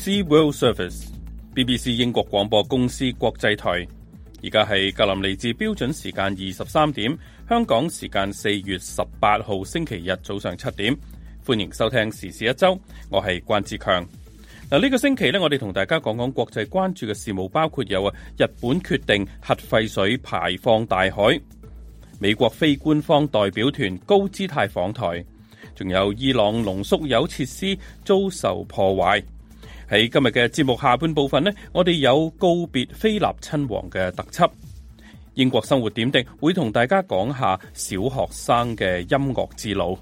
BBC World Service，BBC 英國廣播公司國際台。而家係格林尼治標準時間二十三點，香港時間四月十八號星期日早上七點。歡迎收聽時事一周，我係關志強。嗱，呢個星期咧，我哋同大家講講國際關注嘅事務，包括有啊，日本決定核廢水排放大海；美國非官方代表團高姿態訪台；仲有伊朗濃縮鈾設施遭受破壞。喺今日嘅節目下半部分呢，我哋有告別菲臘親王嘅特輯。英國生活點滴會同大家講下小學生嘅音樂之路。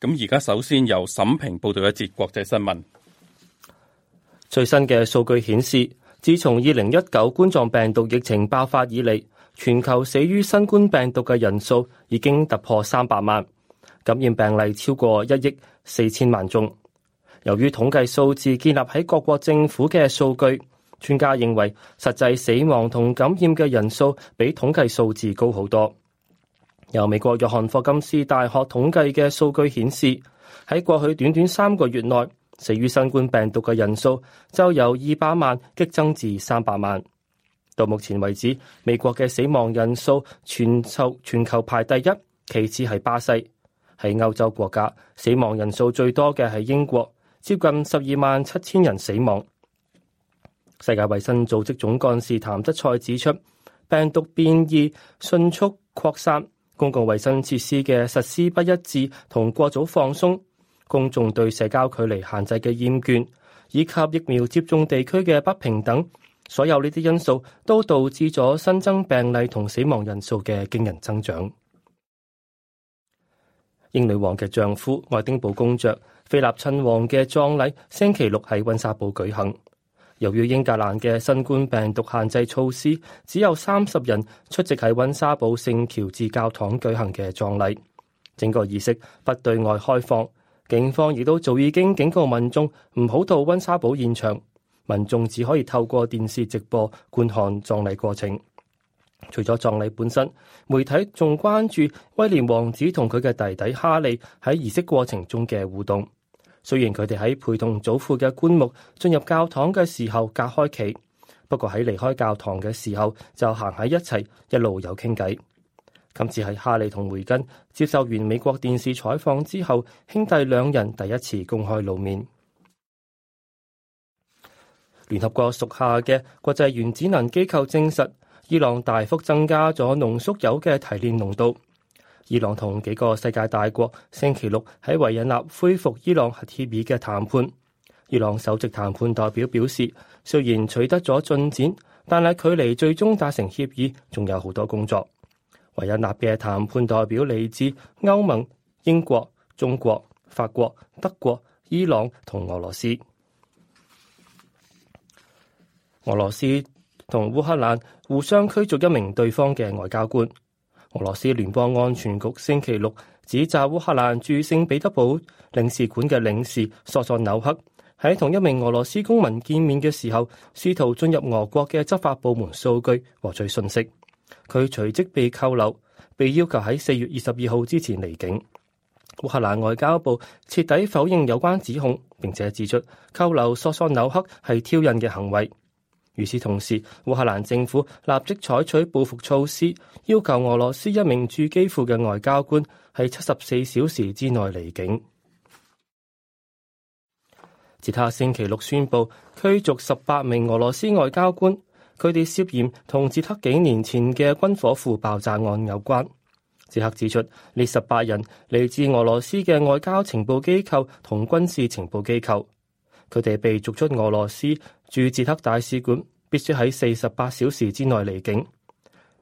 咁而家首先由沈平報道一節國際新聞。最新嘅數據顯示。自從二零一九冠狀病毒疫情爆發以嚟，全球死於新冠病毒嘅人數已經突破三百萬，感染病例超過一億四千萬宗。由於統計數字建立喺各國政府嘅數據，專家認為實際死亡同感染嘅人數比統計數字高好多。由美國約翰霍金斯大學統計嘅數據顯示，喺過去短短三個月內。死於新冠病毒嘅人數就由二百萬激增至三百萬。到目前為止，美國嘅死亡人數全球全球排第一，其次係巴西，喺歐洲國家死亡人數最多嘅係英國，接近十二萬七千人死亡。世界衛生組織總幹事譚德賽指出，病毒變異迅速擴散，公共衛生設施嘅實施不一致同過早放鬆。公眾對社交距離限制嘅厭倦，以及疫苗接種地區嘅不平等，所有呢啲因素都導致咗新增病例同死亡人數嘅驚人增長。英女王嘅丈夫愛丁堡公爵菲臘親王嘅葬禮星期六喺溫莎堡舉行。由於英格蘭嘅新冠病毒限制措施，只有三十人出席喺溫莎堡聖喬治教堂舉行嘅葬禮，整個儀式不對外開放。警方亦都早已經警告民眾唔好到温莎堡現場，民眾只可以透過電視直播觀看葬禮過程。除咗葬禮本身，媒體仲關注威廉王子同佢嘅弟弟哈利喺儀式過程中嘅互動。雖然佢哋喺陪同祖父嘅棺木進入教堂嘅時候隔開企，不過喺離開教堂嘅時候就行喺一齊，一路有傾偈。今次係哈利同梅根接受完美國電視採訪之後，兄弟兩人第一次公開露面。聯合國屬下嘅國際原子能機構證實，伊朗大幅增加咗濃縮鈾嘅提煉濃度。伊朗同幾個世界大國星期六喺維也納恢復伊朗核協議嘅談判。伊朗首席談判代表表示，雖然取得咗進展，但係距離最終達成協議仲有好多工作。維也納嘅談判代表嚟自歐盟、英國、中國、法國、德國、伊朗同俄羅斯。俄羅斯同烏克蘭互相驅逐一名對方嘅外交官。俄羅斯聯邦安全局星期六指責烏克蘭駐聖彼得堡領事館嘅領事索索紐克喺同一名俄羅斯公民見面嘅時候，試圖進入俄國嘅執法部門數據獲取信息。佢隨即被扣留，被要求喺四月二十二號之前離境。烏克蘭外交部徹底否認有關指控，並且指出扣留索索紐克係挑釁嘅行為。與此同時，烏克蘭政府立即採取報復措施，要求俄羅斯一名駐基輔嘅外交官喺七十四小時之內離境。捷克星期六宣布驅逐十八名俄羅斯外交官。佢哋涉嫌同捷克幾年前嘅軍火庫爆炸案有關。捷克指出，呢十八人嚟自俄羅斯嘅外交情報機構同軍事情報機構，佢哋被逐出俄羅斯駐捷克大使館，必須喺四十八小時之內離境。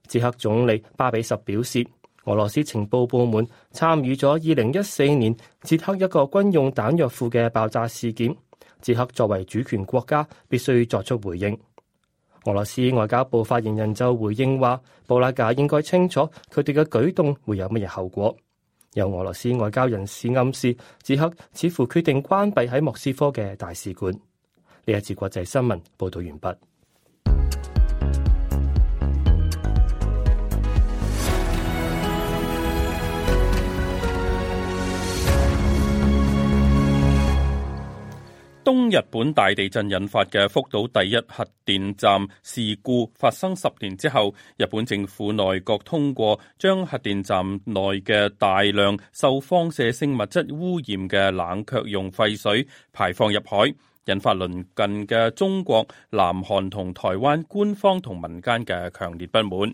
捷克總理巴比什表示，俄羅斯情報部門參與咗二零一四年捷克一個軍用彈藥庫嘅爆炸事件，捷克作為主權國家必須作出回應。俄羅斯外交部發言人就回應話，布拉格應該清楚佢哋嘅舉動會有乜嘢後果。有俄羅斯外交人士暗示，捷克似乎決定關閉喺莫斯科嘅大使館。呢一次國際新聞報道完畢。東日本大地震引發嘅福島第一核電站事故發生十年之後，日本政府內閣通過將核電站內嘅大量受放射性物質污染嘅冷卻用廢水排放入海，引發鄰近嘅中國、南韓同台灣官方同民間嘅強烈不滿。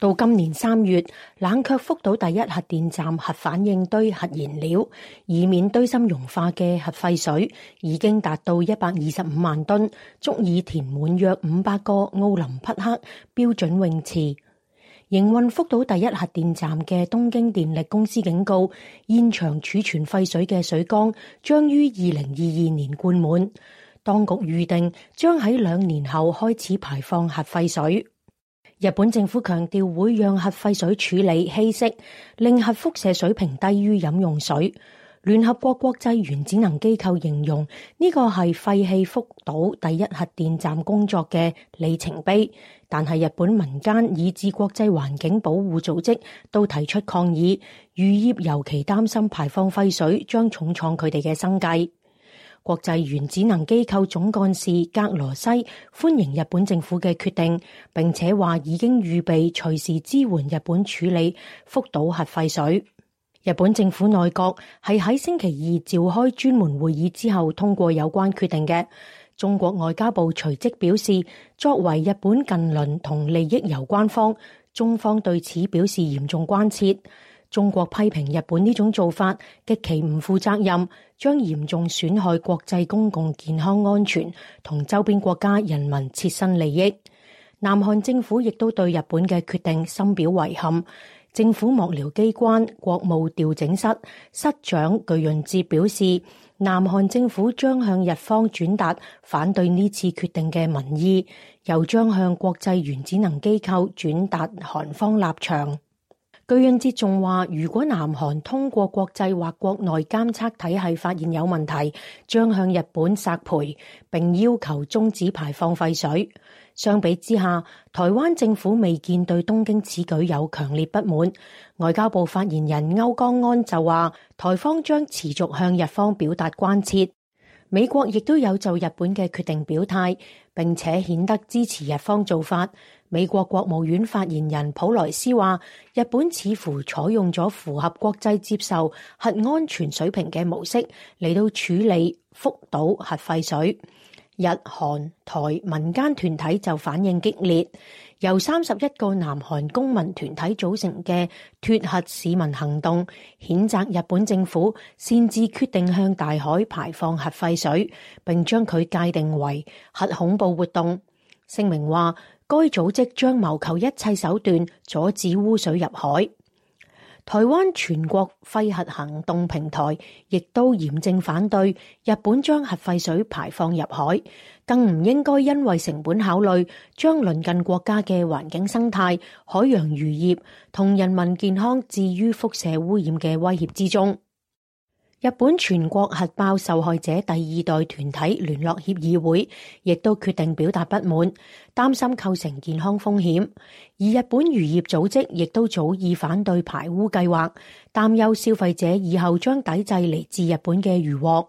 到今年三月，冷卻福島第一核電站核反應堆核燃料以免堆芯融化嘅核廢水已經達到一百二十五萬噸，足以填滿約五百個奧林匹克標準泳池。營運福島第一核電站嘅東京電力公司警告，現場儲存廢水嘅水缸將於二零二二年灌滿，當局預定將喺兩年後開始排放核廢水。日本政府強調會讓核廢水處理稀釋，令核輻射水平低於飲用水。聯合國國際原子能機構形容呢個係廢棄福島第一核電站工作嘅里程碑，但係日本民間以至國際環境保護組織都提出抗議，漁業尤其擔心排放廢水將重創佢哋嘅生計。國際原子能機構總幹事格羅西歡迎日本政府嘅決定，並且話已經預備隨時支援日本處理福島核廢水。日本政府內閣係喺星期二召開專門會議之後通過有關決定嘅。中國外交部隨即表示，作為日本近鄰同利益攸關方，中方對此表示嚴重關切。中國批評日本呢種做法極其唔負責任。將嚴重損害國際公共健康安全同周邊國家人民切身利益。南韓政府亦都對日本嘅決定深表遺憾。政府幕僚機關國務調整室室長具潤智表示，南韓政府將向日方轉達反對呢次決定嘅民意，又將向國際原子能機構轉達韓方立場。具英哲仲話：如果南韓通過國際或國內監測體系發現有問題，將向日本索賠，並要求終止排放廢水。相比之下，台灣政府未見對東京此舉有強烈不滿。外交部發言人歐江安就話，台方將持續向日方表達關切。美國亦都有就日本嘅決定表態，並且顯得支持日方做法。美國國務院發言人普萊斯話，日本似乎採用咗符合國際接受核安全水平嘅模式嚟到處理福島核廢水。日韓台民間團體就反應激烈，由三十一個南韓公民團體組成嘅脫核市民行動，譴責日本政府擅自決定向大海排放核廢水，並將佢界定為核恐怖活動。聲明話。該組織將謀求一切手段阻止污水入海。台灣全國廢核行動平台亦都嚴正反對日本將核廢水排放入海，更唔應該因為成本考慮，將鄰近國家嘅環境生態、海洋漁業同人民健康置於輻射污染嘅威脅之中。日本全國核爆受害者第二代團體聯絡協議會亦都決定表達不滿，擔心構成健康風險。而日本漁業組織亦都早已反對排污計劃，擔憂消費者以後將抵制嚟自日本嘅漁獲。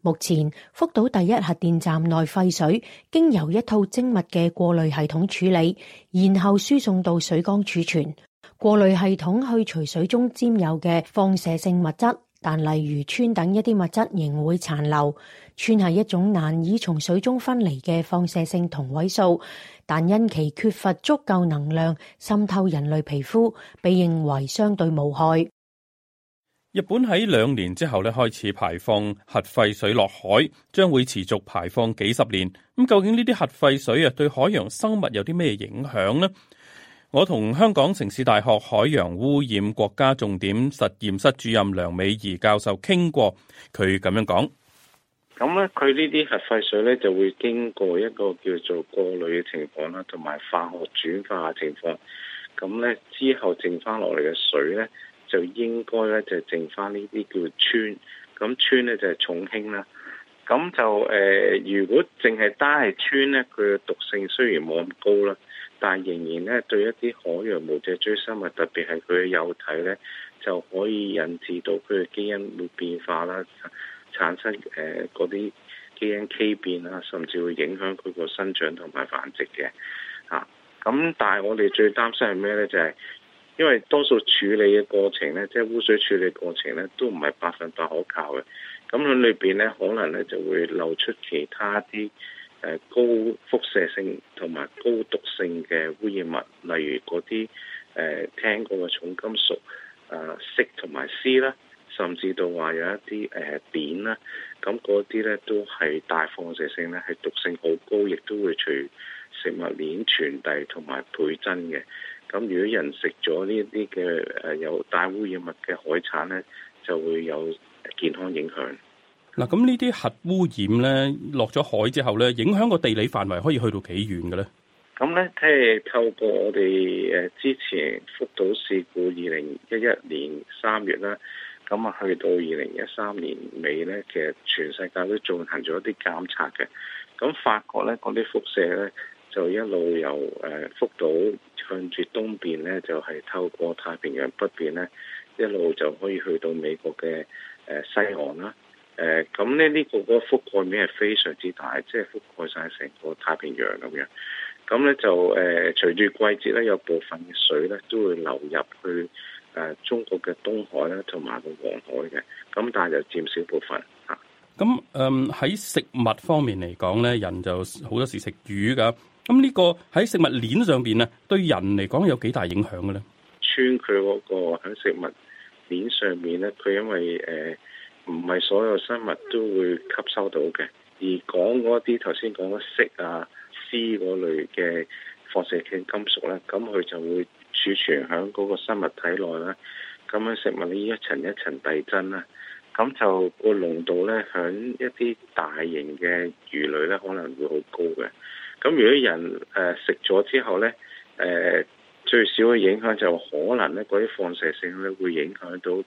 目前福島第一核電站內廢水經由一套精密嘅過濾系統處理，然後輸送到水缸儲存。過濾系統去除水中沾有嘅放射性物質。但例如氚等一啲物質仍會殘留。氚係一種難以從水中分離嘅放射性同位素，但因其缺乏足夠能量滲透人類皮膚，被認為相對無害。日本喺兩年之後咧開始排放核廢水落海，將會持續排放幾十年。咁究竟呢啲核廢水啊對海洋生物有啲咩影響呢？我同香港城市大學海洋污染國家重點實驗室主任梁美儀教授傾過，佢咁樣講：咁咧佢呢啲核廢水咧就會經過一個叫做過濾嘅情況啦，同埋化學轉化嘅情況。咁咧之後剩翻落嚟嘅水咧就應該咧就剩翻呢啲叫做氚，咁氚咧就係、是、重氫啦。咁就誒、呃，如果淨係單係氚咧，佢嘅毒性雖然冇咁高啦。但仍然咧，對一啲海洋無脊椎生物，特別係佢嘅幼體咧，就可以引致到佢嘅基因會變化啦，產生誒嗰啲基因畸變啦，甚至會影響佢個生長同埋繁殖嘅。嚇、啊！咁但係我哋最擔心係咩咧？就係因為多數處理嘅過程咧，即係污水處理過程咧，都唔係百分百可靠嘅。咁喺裏邊咧，可能咧就會漏出其他啲。誒高輻射性同埋高毒性嘅污染物，例如嗰啲誒聽過嘅重金屬誒，銫同埋鍶啦，甚至到話有一啲誒碘啦，咁嗰啲咧都係大放射性咧，係毒性好高，亦都會隨食物鏈傳遞同埋倍增嘅。咁如果人食咗呢啲嘅誒有大污染物嘅海產咧，就會有健康影響。嗱，咁呢啲核污染咧落咗海之後咧，影響個地理範圍可以去到幾遠嘅咧？咁咧，即係透過我哋誒之前福島事故二零一一年三月啦，咁啊去到二零一三年尾咧，其實全世界都進行咗一啲監測嘅。咁法國咧，嗰啲輻射咧，就一路由誒福島向住東邊咧，就係、是、透過太平洋北邊咧，一路就可以去到美國嘅誒西岸啦。嗯。誒，咁咧呢個嗰個覆蓋面係非常之大，即係覆蓋晒成個太平洋咁樣。咁咧就誒，隨住季節咧，有部分嘅水咧都會流入去誒中國嘅東海啦，同埋個黃海嘅。咁但係就佔少部分吓。咁誒喺食物方面嚟講咧，人就好多時食魚噶。咁呢個喺食物鏈上邊啊，對人嚟講有幾大影響嘅咧？穿佢嗰個喺食物鏈上面咧，佢因為誒。呃唔係所有生物都會吸收到嘅，而講嗰啲頭先講嘅銫啊、鈽嗰類嘅放射性金屬呢，咁佢就會儲存喺嗰個生物體內啦。咁樣食物呢，一層一層遞增啦，咁就個濃度呢，喺一啲大型嘅魚類呢可能會好高嘅。咁如果人誒食咗之後呢，誒最少嘅影響就可能呢嗰啲放射性呢會影響到。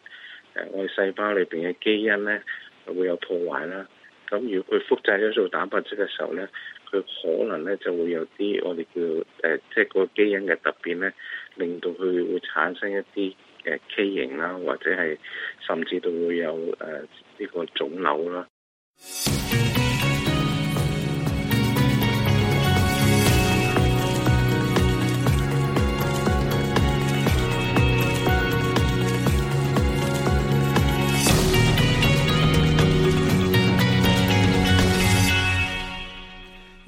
我哋細胞裏邊嘅基因咧，就會有破壞啦。咁如果佢複製咗做蛋白質嘅時候咧，佢可能咧就會有啲我哋叫誒，即係個基因嘅突變咧，令到佢會產生一啲誒畸形啦，或者係甚至到會有誒呢個腫瘤啦。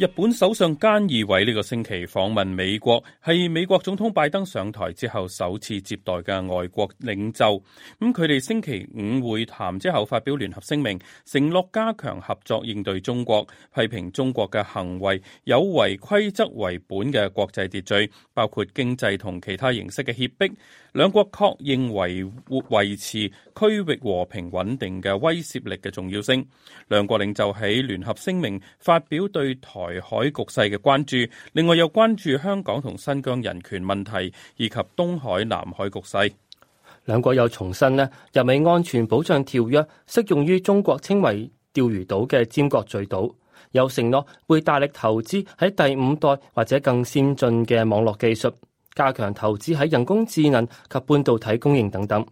日本首相菅義偉呢個星期訪問美國，係美國總統拜登上台之後首次接待嘅外國領袖。咁佢哋星期五會談之後發表聯合聲明，承諾加強合作應對中國，批評中國嘅行為有違規則為本嘅國際秩序，包括經濟同其他形式嘅脅迫。兩國確認為維持區域和平穩定嘅威懾力嘅重要性。兩國領袖喺聯合聲明發表對台海局勢嘅關注，另外又關注香港同新疆人權問題，以及東海、南海局勢。兩國又重申咧，日美安全保障條約適用於中國稱為釣魚島嘅尖閣群島，又承諾會大力投資喺第五代或者更先進嘅網絡技術，加強投資喺人工智能及半導體供應等等。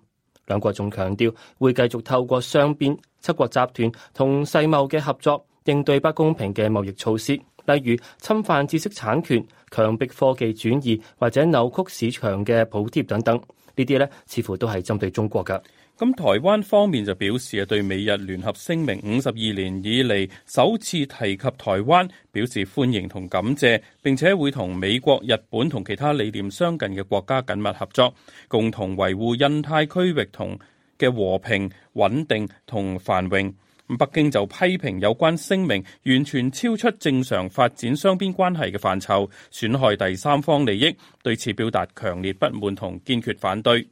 兩國仲強調會繼續透過雙邊、七國集團同世貿嘅合作。應對不公平嘅貿易措施，例如侵犯知識產權、強迫科技轉移或者扭曲市場嘅補貼等等，呢啲咧似乎都係針對中國嘅。咁台灣方面就表示啊，對美日聯合聲明五十二年以嚟首次提及台灣，表示歡迎同感謝，並且會同美國、日本同其他理念相近嘅國家緊密合作，共同維護印太區域同嘅和平、穩定同繁榮。北京就批評有關聲明完全超出正常發展雙邊關係嘅範疇，損害第三方利益，對此表達強烈不滿同堅決反對。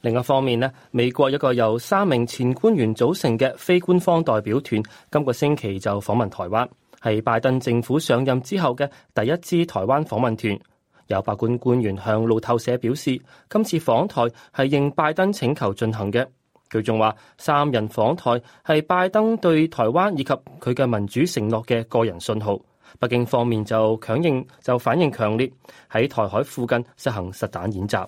另一方面咧，美國一個由三名前官員組成嘅非官方代表團，今個星期就訪問台灣，係拜登政府上任之後嘅第一支台灣訪問團。有白宮官員向路透社表示，今次訪台係應拜登請求進行嘅。佢仲話：三人訪台係拜登對台灣以及佢嘅民主承諾嘅個人信號。北京方面就強應就反應強烈，喺台海附近實行實彈演習。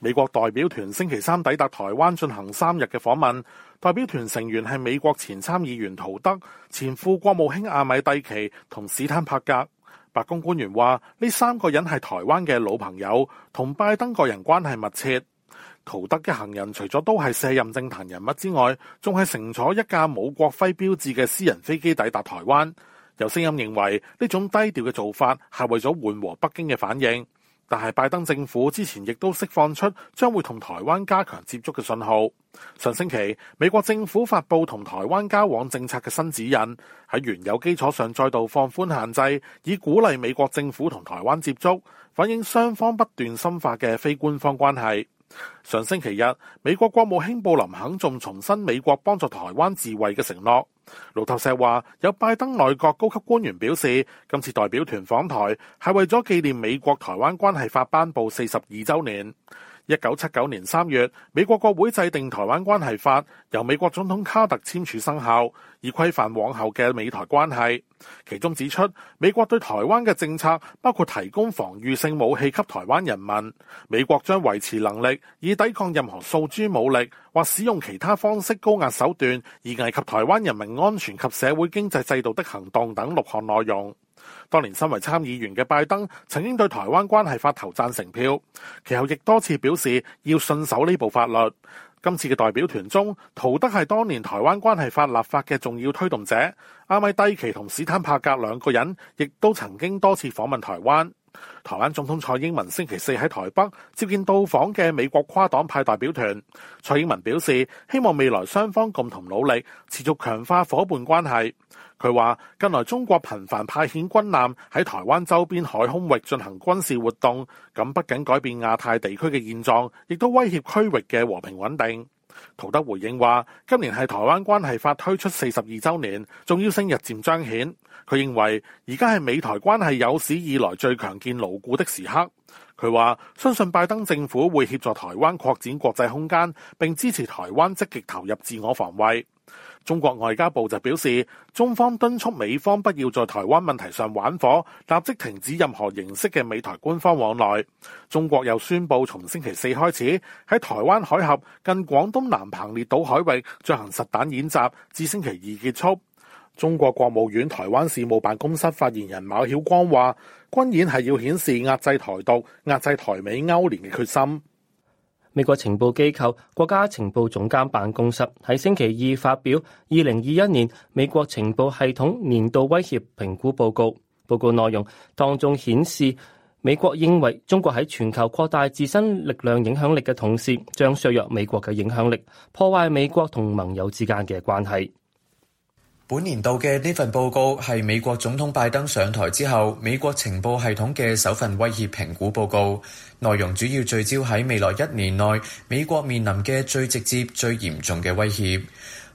美國代表團星期三抵達台灣進行三日嘅訪問。代表團成員係美國前參議員陶德、前副國務卿阿米蒂奇同史坦伯格。白宮官員話：呢三個人係台灣嘅老朋友，同拜登個人關係密切。陶德一行人除咗都係卸任政壇人物之外，仲係乘坐一架冇國徽標誌嘅私人飛機抵達台灣。有聲音認為呢種低調嘅做法係為咗緩和北京嘅反應，但係拜登政府之前亦都釋放出將會同台灣加強接觸嘅信號。上星期美國政府發布同台灣交往政策嘅新指引，喺原有基礎上再度放寬限制，以鼓勵美國政府同台灣接觸，反映雙方不斷深化嘅非官方關係。上星期日，美國國務卿布林肯仲重申美國幫助台灣自衛嘅承諾。路透社話，有拜登內閣高級官員表示，今次代表團訪台係為咗紀念美國台灣關係法頒布四十二周年。一九七九年三月，美國國會制定台灣關係法，由美國總統卡特簽署生效。以規範往後嘅美台關係，其中指出美國對台灣嘅政策包括提供防禦性武器給台灣人民，美國將維持能力以抵抗任何訴諸武力或使用其他方式高壓手段而危及台灣人民安全及社會經濟制度的行動等六項內容。當年身為參議員嘅拜登曾經對台灣關係法投贊成票，其後亦多次表示要信守呢部法律。今次嘅代表團中，陶德係當年台灣關係法立法嘅重要推動者，阿米蒂奇同史坦帕格兩個人，亦都曾經多次訪問台灣。台灣總統蔡英文星期四喺台北接見到訪嘅美國跨黨派代表團。蔡英文表示，希望未來雙方共同努力，持續強化伙伴關係。佢話近來中國頻繁派遣軍艦喺台灣周邊海空域進行軍事活動，咁不僅改變亞太地區嘅現狀，亦都威脅區域嘅和平穩定。陶德回應話，今年係台灣關係法推出四十二周年，重要性日漸彰顯。佢認為而家係美台關係有史以來最強健牢固的時刻。佢話相信拜登政府會協助台灣擴展國際空間，並支持台灣積極投入自我防衛。中國外交部就表示，中方敦促美方不要在台灣問題上玩火，立即停止任何形式嘅美台官方往來。中國又宣布從星期四開始喺台灣海峽近廣東南澎列島海域進行實彈演習，至星期二結束。中國國務院台灣事務辦公室發言人馬曉光話，軍演係要顯示壓制台獨、壓制台美勾連嘅決心。美國情報機構國家情報總監辦公室喺星期二發表二零二一年美國情報系統年度威脅評估報告，報告內容當中顯示，美國認為中國喺全球擴大自身力量影響力嘅同時，將削弱美國嘅影響力，破壞美國同盟友之間嘅關係。本年度嘅呢份報告係美國總統拜登上台之後美國情報系統嘅首份威脅評估報告，內容主要聚焦喺未來一年內美國面臨嘅最直接、最嚴重嘅威脅。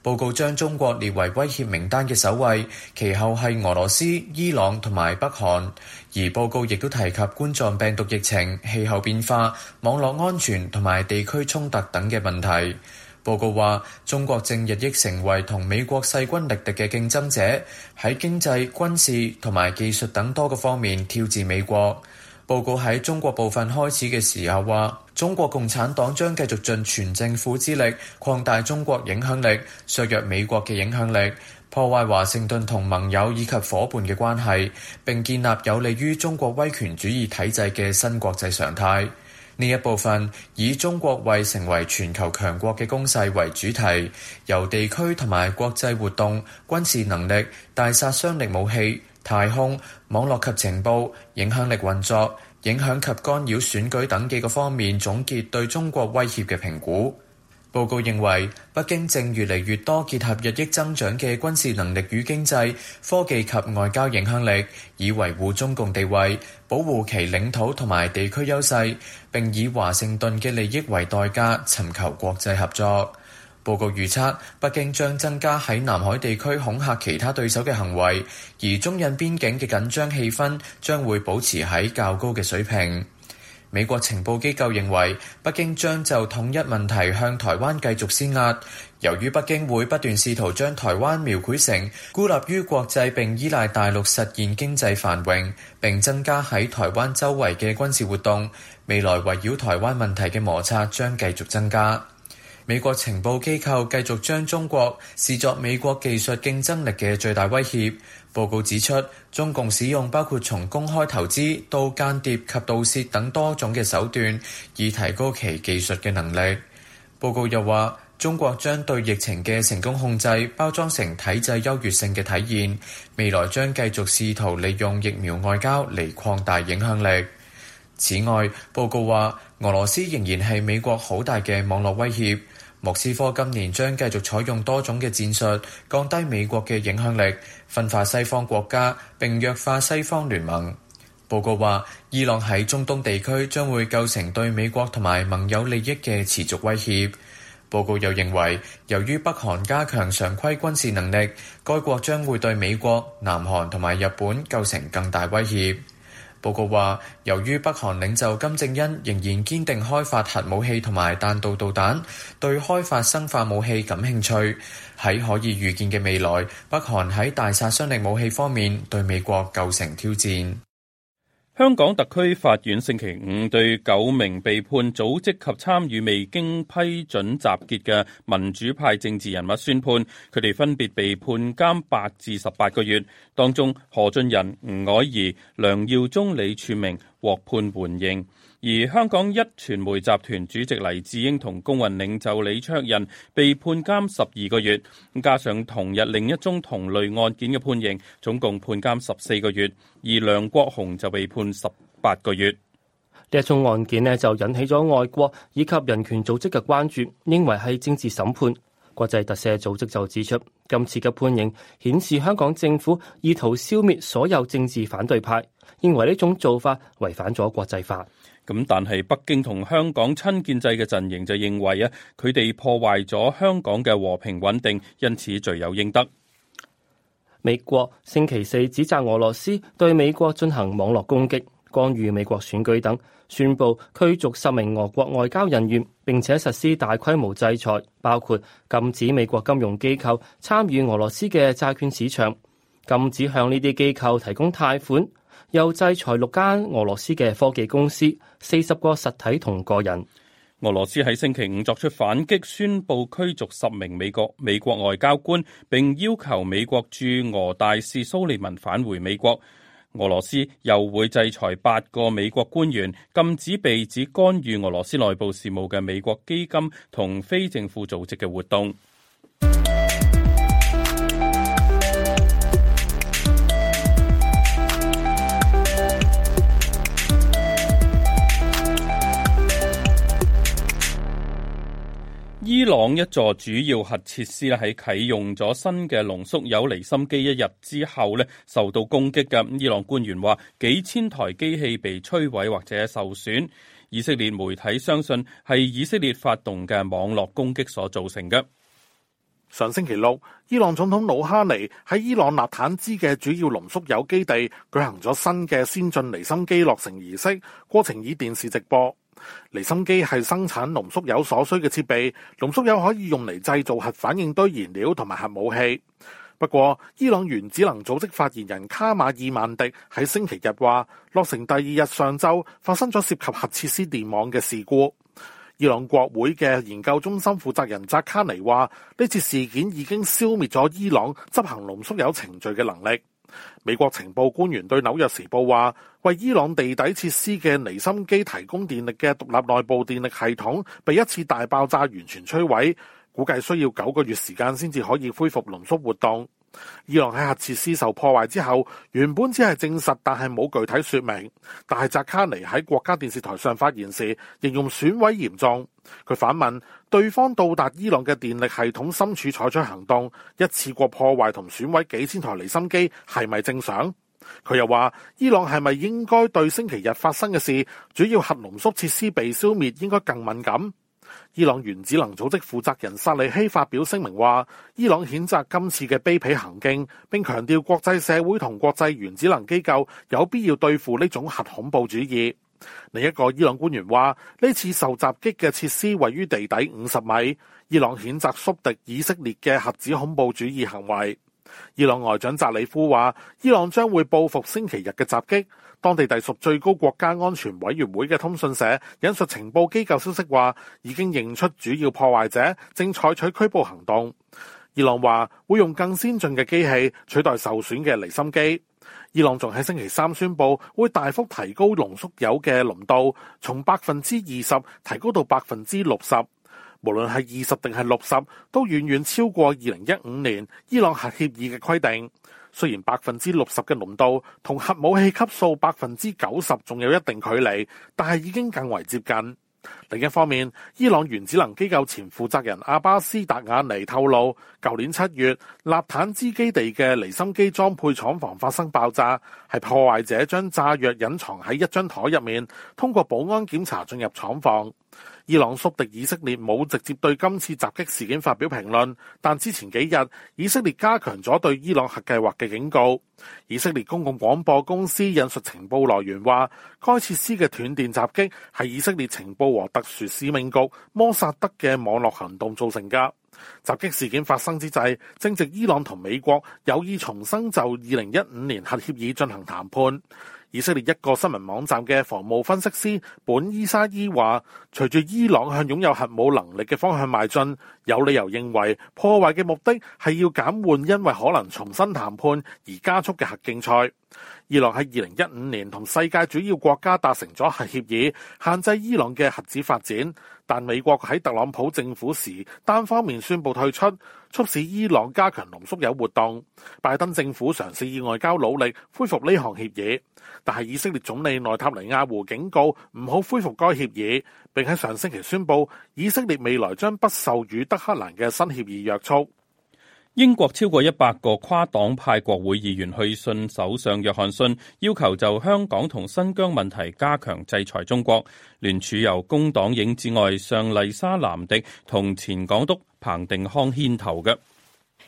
報告將中國列為威脅名單嘅首位，其後係俄羅斯、伊朗同埋北韓，而報告亦都提及冠狀病毒疫情、氣候變化、網絡安全同埋地區衝突等嘅問題。報告話，中國正日益成為同美國勢均力敵嘅競爭者，喺經濟、軍事同埋技術等多個方面挑戰美國。報告喺中國部分開始嘅時候話，中國共產黨將繼續盡全政府之力擴大中國影響力，削弱美國嘅影響力，破壞華盛頓同盟友以及伙伴嘅關係，並建立有利於中國威權主義體制嘅新國際常態。呢一部分以中國為成為全球強國嘅攻勢為主題，由地區同埋國際活動、軍事能力、大殺傷力武器、太空、網絡及情報、影響力運作、影響及干擾選舉等幾個方面總結對中國威脅嘅評估。報告認為，北京正越嚟越多結合日益增長嘅軍事能力與經濟、科技及外交影響力，以維護中共地位、保護其領土同埋地區優勢，並以華盛頓嘅利益為代價尋求國際合作。報告預測，北京將增加喺南海地區恐嚇其他對手嘅行為，而中印邊境嘅緊張氣氛將會保持喺較高嘅水平。美國情報機構認為，北京將就統一問題向台灣繼續施壓，由於北京會不斷試圖將台灣描繪成孤立於國際並依賴大陸實現經濟繁榮，並增加喺台灣周圍嘅軍事活動，未來圍繞台灣問題嘅摩擦將繼續增加。美國情報機構繼續將中國視作美國技術競爭力嘅最大威脅。報告指出，中共使用包括從公開投資到間諜及盜竊等多種嘅手段，以提高其技術嘅能力。報告又話，中國將對疫情嘅成功控制包裝成體制優越性嘅體現，未來將繼續試圖利用疫苗外交嚟擴大影響力。此外，報告話俄羅斯仍然係美國好大嘅網絡威脅。莫斯科今年將繼續採用多種嘅戰術，降低美國嘅影響力，分化西方國家，並弱化西方聯盟。報告話，伊朗喺中東地區將會構成對美國同埋盟友利益嘅持續威脅。報告又認為，由於北韓加強常規軍事能力，該國將會對美國、南韓同埋日本構成更大威脅。報告話，由於北韓領袖金正恩仍然堅定開發核武器同埋彈道導彈，對開發生化武器感興趣，喺可以預見嘅未來，北韓喺大殺傷力武器方面對美國構成挑戰。香港特區法院星期五對九名被判組織及參與未經批准集結嘅民主派政治人物宣判，佢哋分別被判監八至十八個月，當中何俊仁、吳靄儀、梁耀忠、李柱銘獲判緩刑。而香港壹傳媒集團主席黎智英同工運領袖李卓人被判監十二個月，加上同日另一宗同類案件嘅判刑，總共判監十四個月。而梁國雄就被判十八個月。呢一宗案件呢就引起咗外國以及人權組織嘅關注，認為係政治審判。國際特赦組織就指出，今次嘅判刑顯示香港政府意圖消滅所有政治反對派，認為呢種做法違反咗國際法。咁但係北京同香港親建制嘅陣營就認為啊，佢哋破壞咗香港嘅和平穩定，因此罪有應得。美國星期四指責俄羅斯對美國進行網絡攻擊、干預美國選舉等。宣布驅逐十名俄國外交人員，並且實施大規模制裁，包括禁止美國金融機構參與俄羅斯嘅債券市場，禁止向呢啲機構提供貸款，又制裁六間俄羅斯嘅科技公司、四十個實體同個人。俄羅斯喺星期五作出反擊，宣布驅逐十名美國美國外交官，並要求美國駐俄大使蘇利文返回美國。俄羅斯又會制裁八個美國官員，禁止被指干預俄羅斯內部事務嘅美國基金同非政府組織嘅活動。伊朗一座主要核設施咧喺啟用咗新嘅濃縮鈾離心機一日之後咧受到攻擊嘅，伊朗官員話幾千台機器被摧毀或者受損。以色列媒體相信係以色列發動嘅網絡攻擊所造成嘅。上星期六，伊朗總統魯哈尼喺伊朗納坦茲嘅主要濃縮鈾基地舉行咗新嘅先進離心機落成儀式，過程以電視直播。離心機係生產濃縮鈾所需嘅設備，濃縮鈾可以用嚟製造核反應堆燃料同埋核武器。不過，伊朗原子能組織發言人卡馬爾萬迪喺星期日話，落成第二日上晝發生咗涉及核設施電網嘅事故。伊朗國會嘅研究中心負責人扎卡尼話，呢次事件已經消滅咗伊朗執行濃縮鈾程序嘅能力。美國情報官員對紐約時報話，為伊朗地底設施嘅離心機提供電力嘅獨立內部電力系統被一次大爆炸完全摧毀，估計需要九個月時間先至可以恢復濃縮活動。伊朗喺核設施受破壞之後，原本只係證實，但係冇具體說明。但係扎卡尼喺國家電視台上發言時形容損毀嚴重，佢反問。對方到達伊朗嘅電力系統深處採取行動，一次過破壞同損毀幾千台離心機，係咪正常？佢又話：伊朗係咪應該對星期日發生嘅事，主要核濃縮設施被消滅，應該更敏感？伊朗原子能組織負責人薩利希發表聲明話：伊朗譴責今次嘅卑鄙行徑，並強調國際社會同國際原子能機構有必要對付呢種核恐怖主義。另一個伊朗官員話，呢次受襲擊嘅設施位於地底五十米。伊朗譴責宿敵以色列嘅核子恐怖主義行為。伊朗外長扎里夫話，伊朗將會報復星期日嘅襲擊。當地隸屬最高國家安全委員會嘅通訊社引述情報機構消息話，已經認出主要破壞者，正採取拘捕行動。伊朗話會用更先進嘅機器取代受損嘅離心機。伊朗仲喺星期三宣布，會大幅提高濃縮鈾嘅濃度從，從百分之二十提高到百分之六十。無論係二十定係六十，都遠遠超過二零一五年伊朗核協議嘅規定。雖然百分之六十嘅濃度同核武器級數百分之九十仲有一定距離，但係已經更為接近。另一方面，伊朗原子能機構前負責人阿巴斯達瓦尼透露，舊年七月納坦茲基地嘅離心機裝配廠房發生爆炸，係破壞者將炸藥隱藏喺一張台入面，通過保安檢查進入廠房。伊朗宿敵以色列冇直接對今次襲擊事件發表評論，但之前幾日以色列加強咗對伊朗核計劃嘅警告。以色列公共廣播公司引述情報來源話，該設施嘅斷電襲擊，係以色列情報和特殊使命局摩薩德嘅網絡行動造成噶。襲擊事件發生之際正值伊朗同美國有意重新就二零一五年核協議進行談判。以色列一個新聞網站嘅防務分析師本伊沙伊話，隨住伊朗向擁有核武能力嘅方向邁進，有理由認為破壞嘅目的係要減緩因為可能重新談判而加速嘅核競賽。伊朗喺二零一五年同世界主要國家達成咗核協議，限制伊朗嘅核子發展。但美國喺特朗普政府時單方面宣布退出，促使伊朗加強濃縮鈾活動。拜登政府嘗試以外交努力恢復呢項協議，但係以色列總理內塔尼亞胡警告唔好恢復該協議，並喺上星期宣布以色列未來將不受與德黑蘭嘅新協議約束。英國超過一百個跨黨派國會議員去信首相約翰遜，要求就香港同新疆問題加強制裁中國。聯署由工黨影子外相麗莎南迪同前港督彭定康牽頭嘅。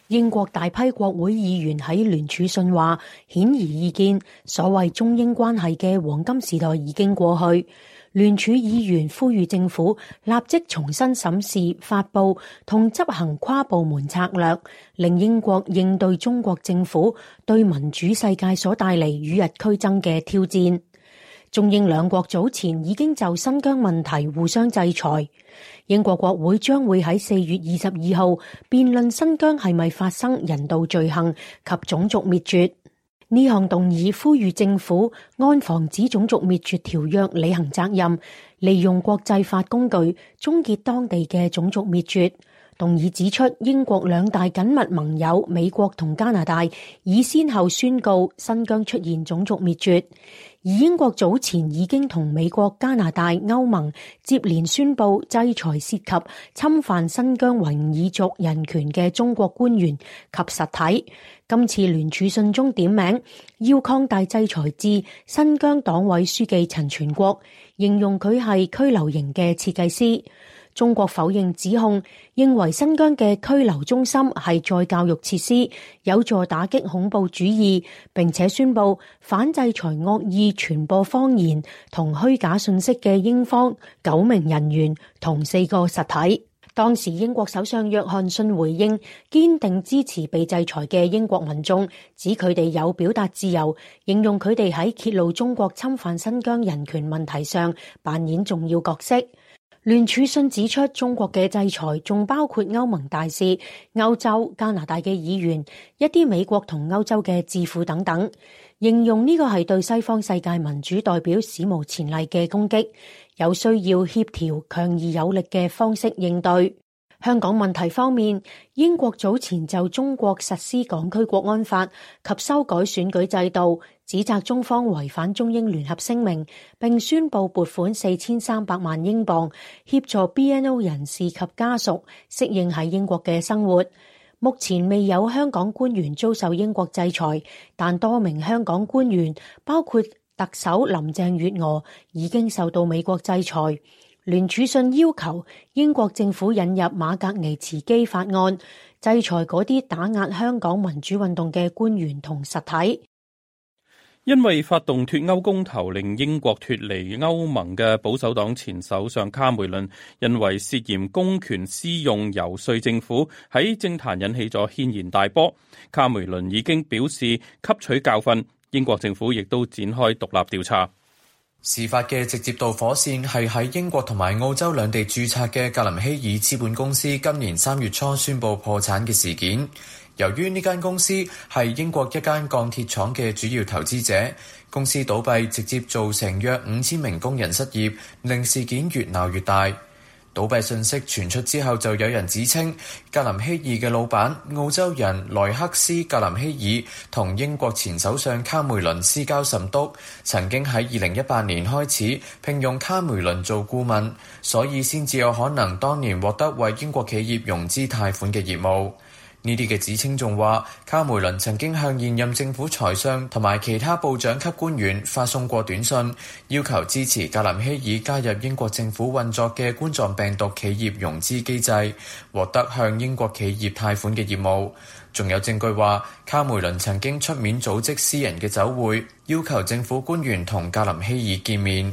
英國大批國會議員喺聯署信話，顯而易見，所謂中英關係嘅黃金時代已經過去。聯署議員呼籲政府立即重新審視、發布同執行跨部門策略，令英國應對中國政府對民主世界所帶嚟與日俱增嘅挑戰。中英兩國早前已經就新疆問題互相制裁。英國國會將會喺四月二十二號辯論新疆係咪發生人道罪行及種族滅絕。呢項動議呼籲政府按《防止種族滅絕條約》履行責任，利用國際法工具終結當地嘅種族滅絕。同以指出，英國兩大緊密盟友美國同加拿大已先後宣告，新疆出現種族滅絕，而英國早前已經同美國、加拿大、歐盟接連宣佈制裁，涉及侵犯新疆維吾爾族人權嘅中國官員及實體，今次聯署信中點名要擴大制裁至新疆黨委書記陳全國，形容佢係拘留營嘅設計師。中國否認指控，認為新疆嘅拘留中心係再教育設施，有助打擊恐怖主義，並且宣布反制裁惡意傳播謊言同虛假信息嘅英方九名人員同四個實體。當時英國首相約翰遜回應，堅定支持被制裁嘅英國民眾，指佢哋有表達自由，形容佢哋喺揭露中國侵犯新疆人權問題上扮演重要角色。聯署信指出，中國嘅制裁仲包括歐盟大使、歐洲、加拿大嘅議員、一啲美國同歐洲嘅智庫等等，形容呢個係對西方世界民主代表史無前例嘅攻擊，有需要協調強而有力嘅方式應對。香港問題方面，英國早前就中國實施港區國安法及修改選舉制度，指責中方違反中英聯合聲明，並宣布撥款四千三百萬英鎊協助 BNO 人士及家屬適應喺英國嘅生活。目前未有香港官員遭受英國制裁，但多名香港官員，包括特首林鄭月娥，已經受到美國制裁。聯署信要求英國政府引入馬格尼茨基法案，制裁嗰啲打壓香港民主運動嘅官員同實體。因為發動脱歐公投令英國脱離歐盟嘅保守黨前首相卡梅倫，因為涉嫌公權私用，游說政府喺政壇引起咗軒然大波。卡梅倫已經表示吸取教訓，英國政府亦都展開獨立調查。事發嘅直接導火線係喺英國同埋澳洲兩地註冊嘅格林希爾資本公司今年三月初宣布破產嘅事件。由於呢間公司係英國一間鋼鐵廠嘅主要投資者，公司倒閉直接造成約五千名工人失業，令事件越鬧越大。倒閉信息傳出之後，就有人指稱格林希爾嘅老闆澳洲人萊克斯格林希爾同英國前首相卡梅倫私交甚篤，曾經喺二零一八年開始聘用卡梅倫做顧問，所以先至有可能當年獲得為英國企業融資貸款嘅業務。呢啲嘅指稱仲話，卡梅倫曾經向現任政府財相同埋其他部長級官員發送過短信，要求支持格林希爾加入英國政府運作嘅冠狀病毒企業融資機制，獲得向英國企業貸款嘅業務。仲有證據話，卡梅倫曾經出面組織私人嘅酒會，要求政府官員同格林希爾見面。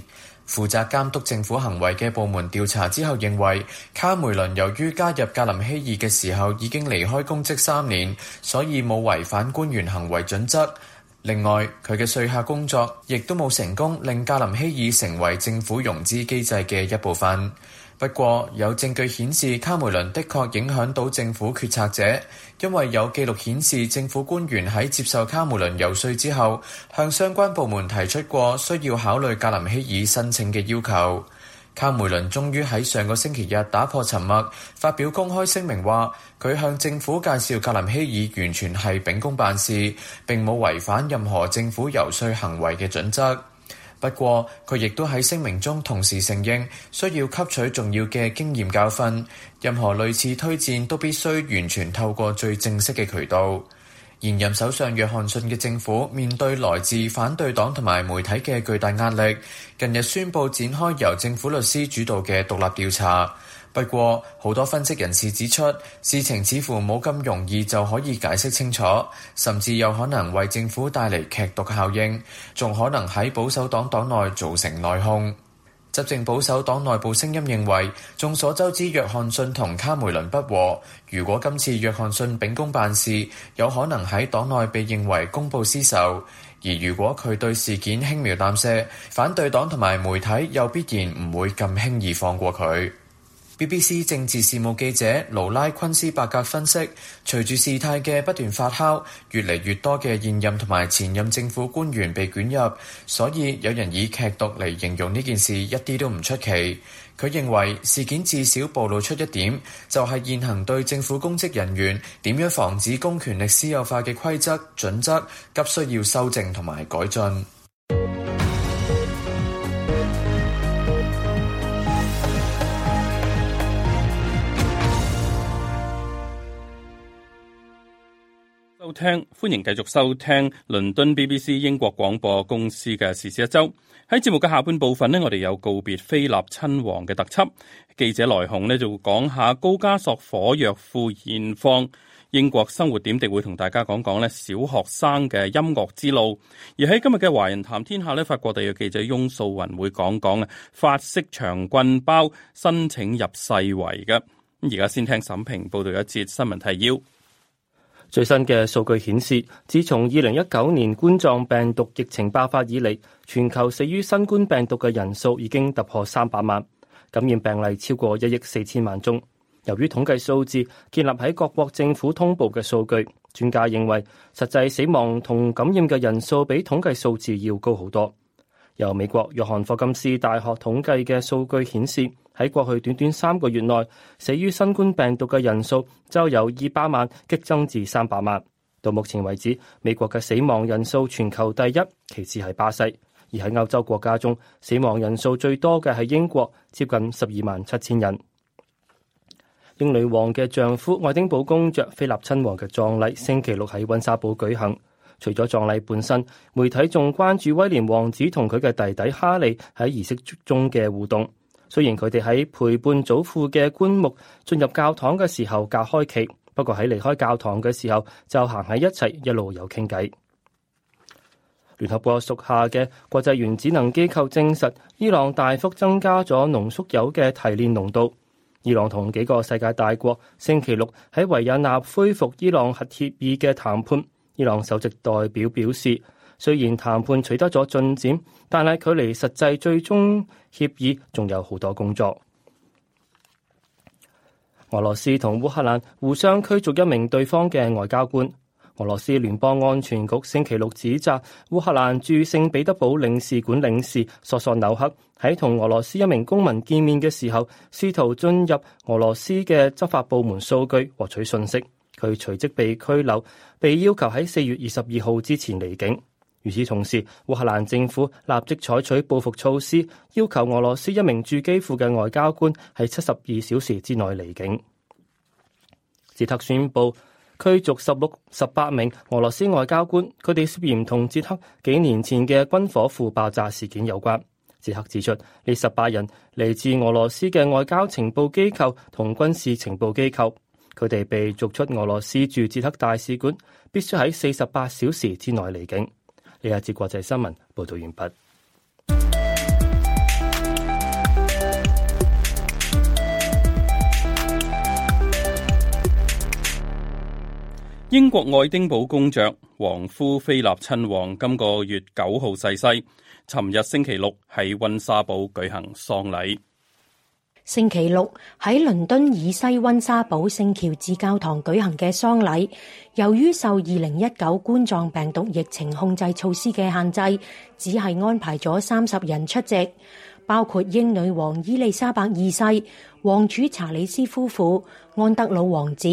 負責監督政府行為嘅部門調查之後認為，卡梅倫由於加入格林希爾嘅時候已經離開公職三年，所以冇違反官員行為準則。另外，佢嘅說客工作亦都冇成功令格林希爾成為政府融資機制嘅一部分。不過，有證據顯示卡梅倫的確影響到政府決策者，因為有記錄顯示政府官員喺接受卡梅倫游說之後，向相關部門提出過需要考慮格林希爾申請嘅要求。卡梅倫終於喺上個星期日打破沉默，發表公開聲明話，佢向政府介紹格林希爾完全係秉公辦事，並冇違反任何政府游說行為嘅準則。不過，佢亦都喺聲明中同時承認需要吸取重要嘅經驗教訓，任何類似推薦都必須完全透過最正式嘅渠道。現任首相約翰遜嘅政府面對來自反對黨同埋媒體嘅巨大壓力，近日宣布展開由政府律師主導嘅獨立調查。不過，好多分析人士指出，事情似乎冇咁容易就可以解釋清楚，甚至有可能為政府帶嚟劇毒效應，仲可能喺保守黨黨內造成內訌。執政保守黨內部聲音認為，眾所周知，約翰遜同卡梅倫不和。如果今次約翰遜秉公辦事，有可能喺黨內被認為公報私仇；而如果佢對事件輕描淡寫，反對黨同埋媒體又必然唔會咁輕易放過佢。BBC 政治事務記者勞拉昆斯伯格分析，隨住事態嘅不斷發酵，越嚟越多嘅現任同埋前任政府官員被捲入，所以有人以劇毒嚟形容呢件事，一啲都唔出奇。佢認為事件至少暴露出一點，就係現行對政府公職人員點樣防止公權力私有化嘅規則準則，急需要修正同埋改進。聽，歡迎繼續收聽倫敦 BBC 英國廣播公司嘅時事一周。喺節目嘅下半部分咧，我哋有告別菲臘親王嘅特輯。記者來鴻呢，就會講下高加索火藥庫現況。英國生活點滴會同大家講講咧小學生嘅音樂之路。而喺今日嘅華人談天下呢，法國地嘅記者翁素雲會講講法式長棍包申請入世遺嘅。噉而家先聽審評報道一節新聞提要。最新嘅數據顯示，自從二零一九年冠狀病毒疫情爆發以嚟，全球死於新冠病毒嘅人數已經突破三百萬，感染病例超過一億四千萬宗。由於統計數字建立喺各國政府通報嘅數據，專家認為實際死亡同感染嘅人數比統計數字要高好多。由美國約翰霍金斯大學統計嘅數據顯示。喺過去短短三個月內，死於新冠病毒嘅人數就由二百萬激增至三百萬。到目前為止，美國嘅死亡人數全球第一，其次係巴西。而喺歐洲國家中，死亡人數最多嘅係英國，接近十二萬七千人。英女王嘅丈夫愛丁堡公爵菲臘親王嘅葬禮星期六喺温莎堡舉行。除咗葬禮本身，媒體仲關注威廉王子同佢嘅弟弟哈利喺儀式中嘅互動。雖然佢哋喺陪伴祖父嘅棺木進入教堂嘅時候隔開企，不過喺離開教堂嘅時候就行喺一齊，一路有傾偈。聯合國屬下嘅國際原子能機構證實，伊朗大幅增加咗濃縮鈾嘅提煉濃度。伊朗同幾個世界大國星期六喺維也納恢復伊朗核協議嘅談判。伊朗首席代表表示，雖然談判取得咗進展。但係，距離實際最終協議仲有好多工作。俄羅斯同烏克蘭互相驅逐一名對方嘅外交官。俄羅斯聯邦安全局星期六指責烏克蘭駐聖彼得堡領事館領事索索紐克喺同俄羅斯一名公民見面嘅時候，試圖進入俄羅斯嘅執法部門數據獲取信息。佢隨即被拘留，被要求喺四月二十二號之前離境。與此同時，烏克蘭政府立即採取報復措施，要求俄羅斯一名駐基輔嘅外交官喺七十二小時之內離境。捷克宣佈驅逐十六十八名俄羅斯外交官，佢哋涉嫌同捷克幾年前嘅軍火庫爆炸事件有關。捷克指出，呢十八人嚟自俄羅斯嘅外交情報機構同軍事情報機構，佢哋被逐出俄羅斯駐捷克大使館，必須喺四十八小時之內離境。呢一次國際新聞報道完畢。英國愛丁堡公爵王夫菲臘親王今個月九號逝世，尋日星期六喺溫莎堡舉行喪禮。星期六喺倫敦以西溫莎堡聖喬治教堂舉行嘅喪禮，由於受二零一九冠狀病毒疫情控制措施嘅限制，只係安排咗三十人出席，包括英女王伊麗莎白二世、王儲查理斯夫婦、安德魯王子、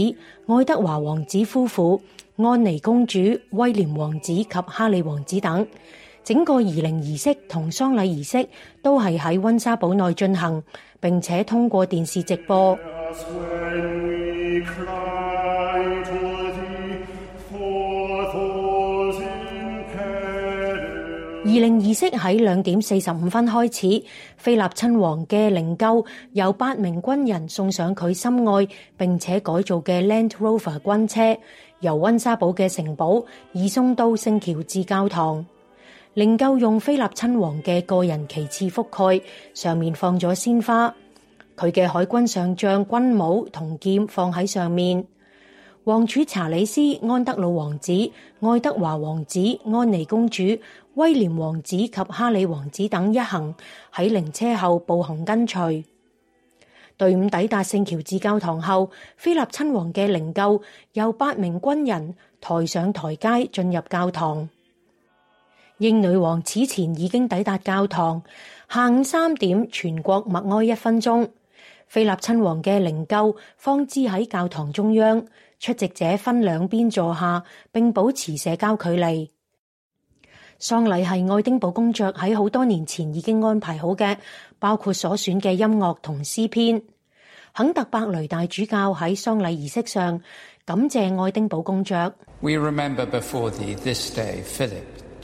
愛德華王子夫婦、安妮公主、威廉王子及哈利王子等。整個移靈儀式同喪禮儀式都係喺溫莎堡內進行。並且通過電視直播。二零儀式喺兩點四十五分開始，菲臘親王嘅靈柩由八名軍人送上佢心愛並且改造嘅 Land Rover 軍車，由溫莎堡嘅城堡移送到聖喬治教堂。靈柩用菲臘親王嘅個人旗幟覆蓋，上面放咗鮮花。佢嘅海軍上將軍帽同劍放喺上面。王儲查理斯、安德魯王子、愛德華王子、安妮公主、威廉王子及哈利王子等一行喺靈車後步行跟隨。隊伍抵達聖喬治教堂後，菲臘親王嘅靈柩由八名軍人抬上台階進入教堂。英女王此前已經抵達教堂，下午三點，全國默哀一分鐘。菲臘親王嘅靈柩放置喺教堂中央，出席者分兩邊坐下，並保持社交距離。喪禮係愛丁堡公爵喺好多年前已經安排好嘅，包括所選嘅音樂同詩篇。肯特伯雷大主教喺喪禮儀式上感謝愛丁堡公爵。We remember before thee this day, Philip.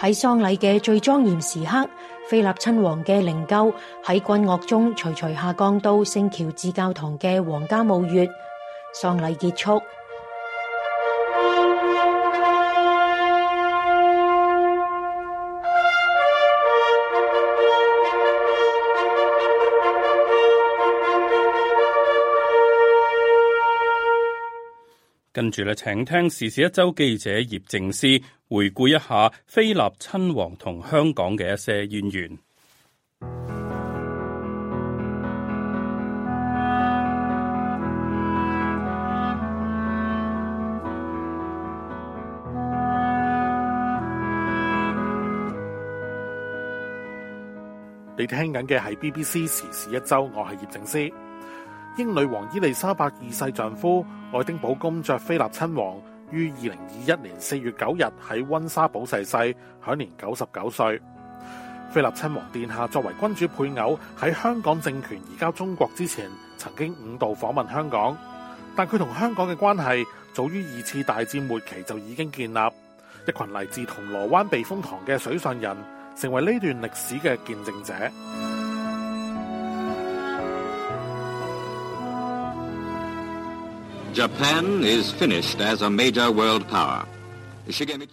喺喪禮嘅最莊嚴時刻，菲臘親王嘅靈柩喺軍樂中徐徐下降到聖喬治教堂嘅皇家墓穴，喪禮結束。住啦，請聽時事一周記者葉靜思，回顧一下菲臘親王同香港嘅一些淵源。你聽緊嘅係 BBC 時事一周，我係葉靜思。英女王伊麗莎白二世丈夫愛丁堡公爵菲臘親王於二零二一年四月九日喺溫莎堡逝世，世，享年九十九歲。菲臘親王殿下作為君主配偶喺香港政權移交中國之前，曾經五度訪問香港，但佢同香港嘅關係早於二次大戰末期就已經建立。一群嚟自銅鑼灣避風塘嘅水上人，成為呢段歷史嘅見證者。Japan is finished as a major world power。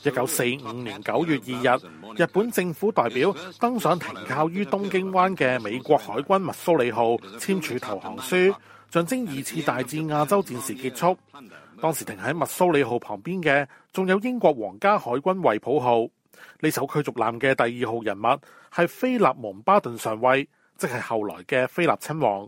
一九四五年九月二日，日本政府代表登上停靠於東京灣嘅美國海軍密蘇里號，簽署投降書，象徵二次大戰亞洲戰事結束。當時停喺密蘇里號旁邊嘅，仲有英國皇家海軍惠普號。呢首驅逐艦嘅第二號人物係菲臘蒙巴頓上尉，即係後來嘅菲臘親王。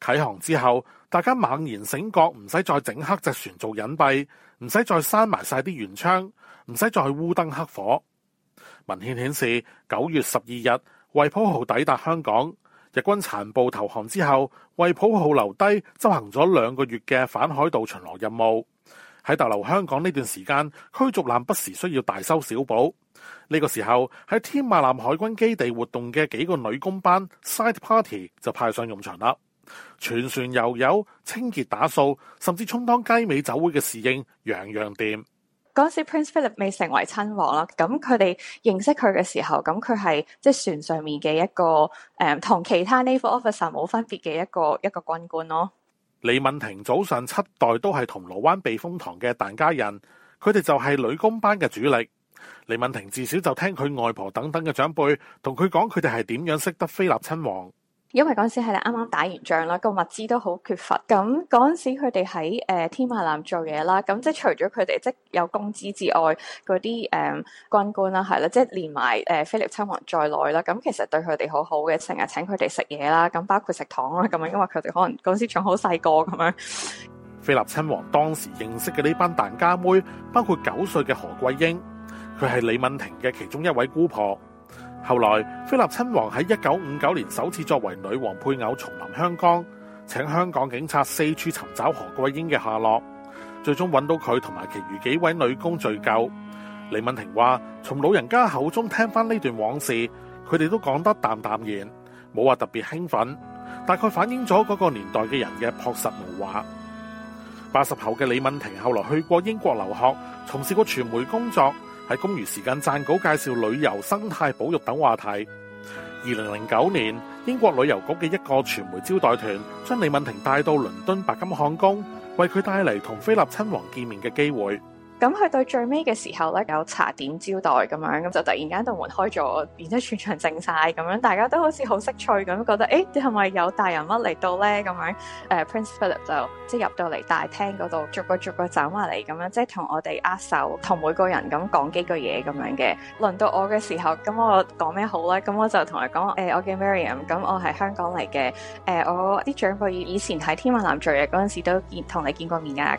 啟航之後，大家猛然醒覺，唔使再整黑隻船做隱蔽，唔使再閂埋晒啲舷窗，唔使再去烏燈黑火。文獻顯示，九月十二日，惠普號抵達香港。日軍殘暴投降之後，惠普號留低執行咗兩個月嘅反海盜巡邏任務。喺逗留香港呢段時間，驅逐艦不時需要大修小補。呢、這個時候喺天馬艦海軍基地活動嘅幾個女工班 side party 就派上用場啦。全船游游清潔打掃，甚至充當雞尾酒會嘅侍應，樣樣掂。嗰 時 Prince Philip 未成為親王啦，咁佢哋認識佢嘅時候，咁佢係即係船上面嘅一個誒，同、嗯、其他 naval officer 冇分別嘅一個一個軍官咯。李敏婷早上七代都係銅鑼灣避風塘嘅疍家人，佢哋就係女工班嘅主力。李敏婷自少就聽佢外婆等等嘅長輩同佢講，佢哋係點樣識得菲臘親王。因為嗰陣時係咧啱啱打完仗啦，個物資都好缺乏。咁嗰陣時佢哋喺誒添馬艦做嘢啦，咁即係除咗佢哋即係有工資之外，嗰啲誒軍官啦係啦，即係連埋誒、呃、菲臘親王在內啦，咁其實對佢哋好好嘅，成日請佢哋食嘢啦，咁包括食糖啦，咁樣因為佢哋可能嗰陣時仲好細個咁樣。 菲臘親王當時認識嘅呢班疍家妹，包括九歲嘅何桂英，佢係李敏婷嘅其中一位姑婆。後來，菲臘親王喺一九五九年首次作為女王配偶重臨香港，請香港警察四處尋找何桂英嘅下落，最終揾到佢同埋其餘幾位女工敘舊。李敏婷話：從老人家口中聽返呢段往事，佢哋都講得淡淡然，冇話特別興奮，大概反映咗嗰個年代嘅人嘅朴實無華。八十後嘅李敏婷後來去過英國留學，從事過傳媒工作。喺公餘時間撰稿介紹旅遊、生態保育等話題。二零零九年，英國旅遊局嘅一個傳媒招待團將李敏婷帶到倫敦白金漢宮，為佢帶嚟同菲臘親王見面嘅機會。咁去到最尾嘅時候咧，有茶點招待咁樣，咁就突然間度門開咗，然之後全場靜晒咁樣，大家都好似好識趣咁，覺得誒，你係咪有大人物嚟到咧？咁樣誒、uh, Prince Philip 就即入到嚟大廳嗰度，逐個逐個，逐個走埋嚟，咁樣即同、就是、我哋握手，同每個人咁講幾句嘢咁樣嘅。輪到我嘅時候，咁我講咩好咧？咁我就同佢講誒，我叫 Miriam，咁我係香港嚟嘅，誒、欸、我啲長輩以前喺天馬藍聚嘅嗰陣時都見同你見過面噶。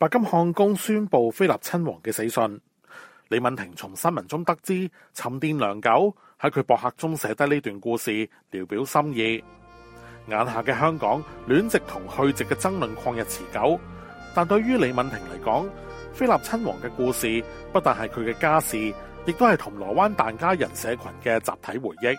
白金漢宮宣佈菲臘親王嘅死訊，李敏婷從新聞中得知，沉澱良久，喺佢博客中寫低呢段故事，聊表心意。眼下嘅香港，戀殖同去殖嘅爭論曠日持久，但對於李敏婷嚟講，菲臘親王嘅故事不但係佢嘅家事，亦都係銅鑼灣蜑家人社群嘅集體回憶。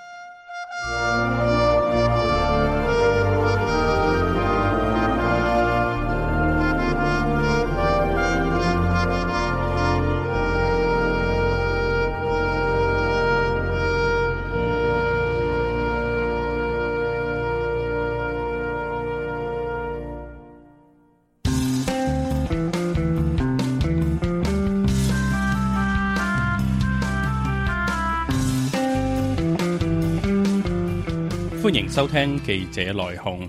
歡迎收聽記者來鴻。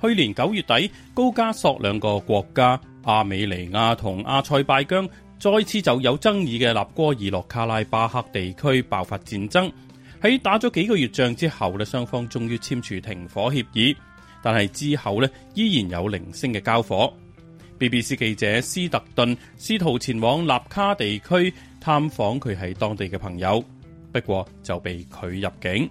去年九月底，高加索兩個國家阿美尼亞同阿塞拜疆再次就有爭議嘅納哥爾洛卡拉巴赫地區爆發戰爭。喺打咗幾個月仗之後呢雙方終於簽署停火協議，但係之後呢依然有零星嘅交火。BBC 記者斯特頓試圖前往納卡地區探訪佢喺當地嘅朋友，不過就被拒入境。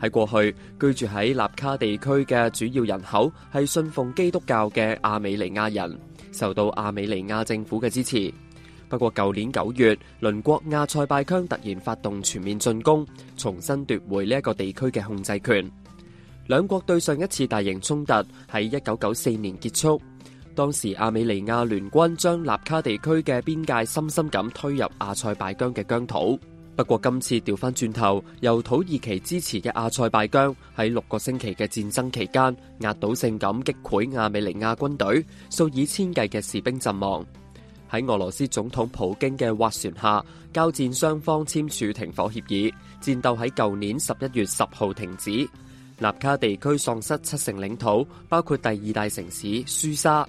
喺過去居住喺納卡地區嘅主要人口係信奉基督教嘅亞美尼亞人，受到亞美尼亞政府嘅支持。不過，舊年九月，鄰國亞塞拜疆突然發動全面進攻，重新奪回呢一個地區嘅控制權。兩國對上一次大型衝突喺一九九四年結束，當時亞美尼亞聯軍將納卡地區嘅邊界深深咁推入亞塞拜疆嘅疆土。不過今次調翻轉頭，由土耳其支持嘅阿塞拜疆喺六個星期嘅戰爭期間，壓倒性咁擊潰亞美尼亞軍隊，數以千計嘅士兵陣亡。喺俄羅斯總統普京嘅斡旋下，交戰雙方簽署停火協議，戰鬥喺舊年十一月十號停止。納卡地區喪失七成領土，包括第二大城市舒沙，